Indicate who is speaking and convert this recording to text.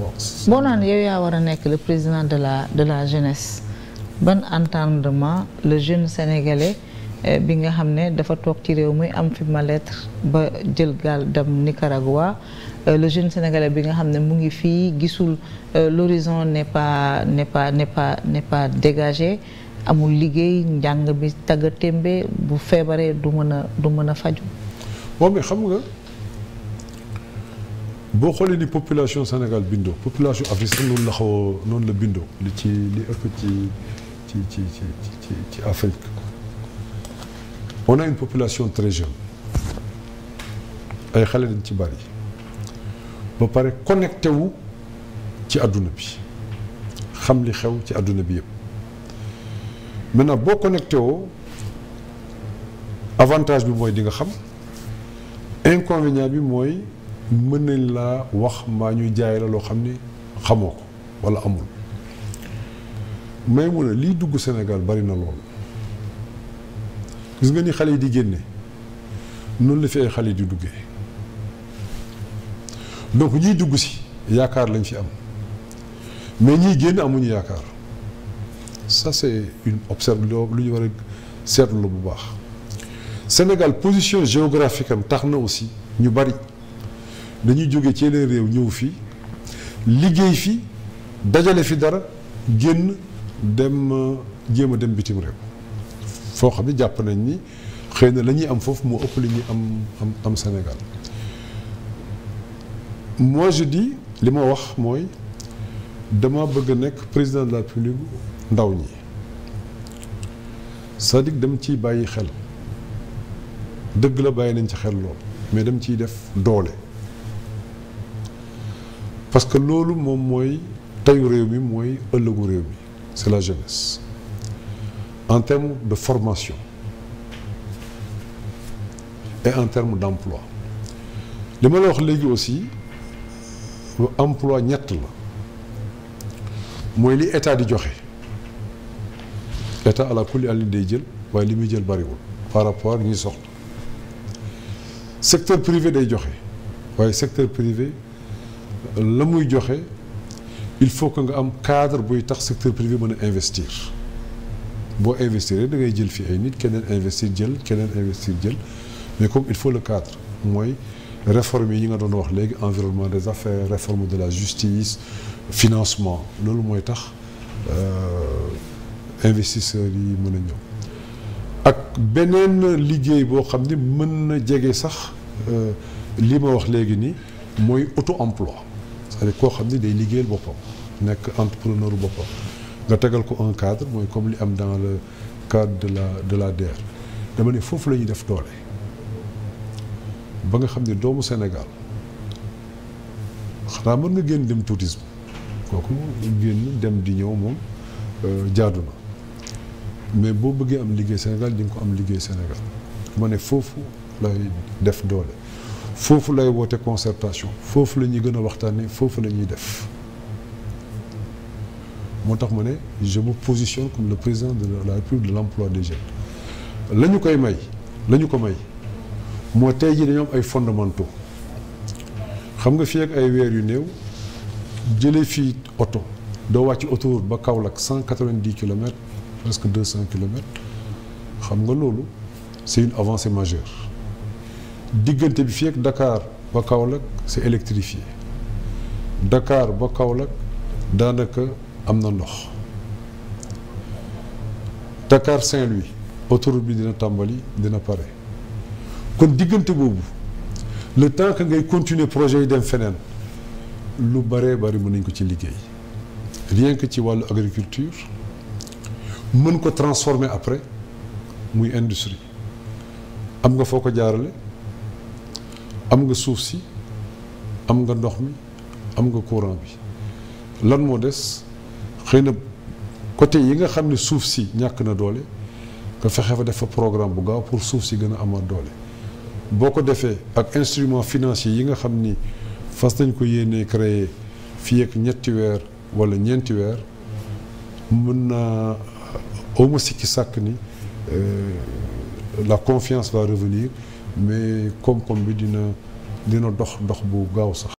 Speaker 1: boo naan yow yaa war a nekk le président de la de la jeunesse ban entendement le jeune sénégale eh, bi nga xam ne dafa toog ci réew muy am fi mal-être ba jël gaal dem Nicaragua eh, le jeune sénégalais bi nga xam ne mu ngi fii gisul eh, l'horizon n'est pas n'est pas n'est pas amul liggéey njàng bi tagga témbe bu feebaree du mën a du mën a faju boobu xam nga boo xoolee ni population Sénégal bindoo population Afrique sax noonu la xaw noonu la bindoo li ci li ëpp ci ci ci ci ci Afrique on a une population très ay xale dañ ci bari ba pare connecté wu ci àdduna bi xam li xew ci àdduna bi yëpp maintenant boo connecté woo avantage bi mooy di nga xam inconvénient bi mooy mën nañ laa wax maa ñuy jaay la loo xam ne xamoo ko wala amul may mu ne liy dugg Sénégal bari na lool gis nga ni xale yi di génne noonu la fi ay xale yi di duggee donc ñuy dugg si yaakaar lañ fi am mais ñuy génn amuñu yaakaar ça c'est une observe lu ñu war a seetlu bu baax Sénégal position géographique am tax na aussi ñu bari dañuy jóge ci yeneen réew ñëw fii liggéey fii dajale fi dara génn dem euh, jéem a dem bitim réew foo xam ne jàpp nañ ni xëy na lañuy am foofu moo ëpp li ñuy am am senegal Sénégal moi je li ma wax mooy dama bëgg a nekk président de la République ndaw ñi cest à dem ciy bàyyi xel dëgg la bàyyi nañ ci xel lool mais dem ciy def doole parce que loolu moom mooy teyu réew mi mooy ëllëgu réew mi c'est la jeunesse en terme de formation et en terme d'emploi li ma la wax léegi aussi lu emploi ñett la mooy li état di joxe état ala kulli àllin day jël waaye li muy jël bariwul par rapport ñuy soxla secteur privé day joxe waaye secteur privé la muy joxe il faut que nga am cadre buy tax secteur privé mën a investir boo investir da ngay jël fii ay nit keneen investir jël keneen investir jël mais comme il faut le cadre mooy réforme yi nga doon wax léegi environnement des affaires réforme de la justice financement loolu mooy tax euh, investisseurs yi mën a ñëw ak beneen liggéey boo xam ni mën na jege sax euh, li ma wax léegi nii mooy auto emploi cest koo xam ne day liggéeyal boppam nekk entrepreneur boppam nga tegal ko un cadre mooy comme li am dans le cadre de la de la DER dama ne foofu la ñuy def doole ba nga xam ne doomu Sénégal xanaa mën nga génn dem tourisme kooku génn dem di ñëw moom euh, jaadu na mais boo bëggee am liggéey Sénégal di nga ko am liggéey Sénégal ma ne foofu lay def doole foofu lay woote concertation foofu la ñuy gën a waxtaanee foofu la ñuy def moo tax ma ne je me positionne comme le président de la République de l'emploi de jeunes la ñu koy may lañu ko may moo tey jii dañoo am ay fondamentaux xam nga fii ak ay weer yu néew jëlee fii oto doo wàcc autoroute ba Kaolack cent quatre-vingt-dix kilomètres presque deux cents kilomètres xam nga loolu c'est une avancée majeure diggante bi fi ak Dakar ba Kaolack c'est électrifié Dakar ba Kaolack daanaka am na ndox Dakar Saint-Louis autoroute bi dina tàmbali dina pare kon diggante boobu le temps que ngay continuer projet yi dem feneen lu bëree bëri mën nañ ko ci liggéey rien que ci wàllu agriculture mën ko transformer après muy industrie am nga foo ko jaarale am nga suuf si am nga ndox mi am nga courant bi lan moo des xëy na côté yi nga xam ni suuf si ñàkk na doole nga fexe fa def fa programme bu gaaw pour suuf si gën a amaat doole boo ko defee ak instrument financier yi nga xam ni fas nañ ko yéenee créer fii ak ñetti weer wala ñeenti weer mën naa awma sikki sàkk ni euh, la confiance va revenir mais koom-koom bi dina dina dox dox bu gaaw sax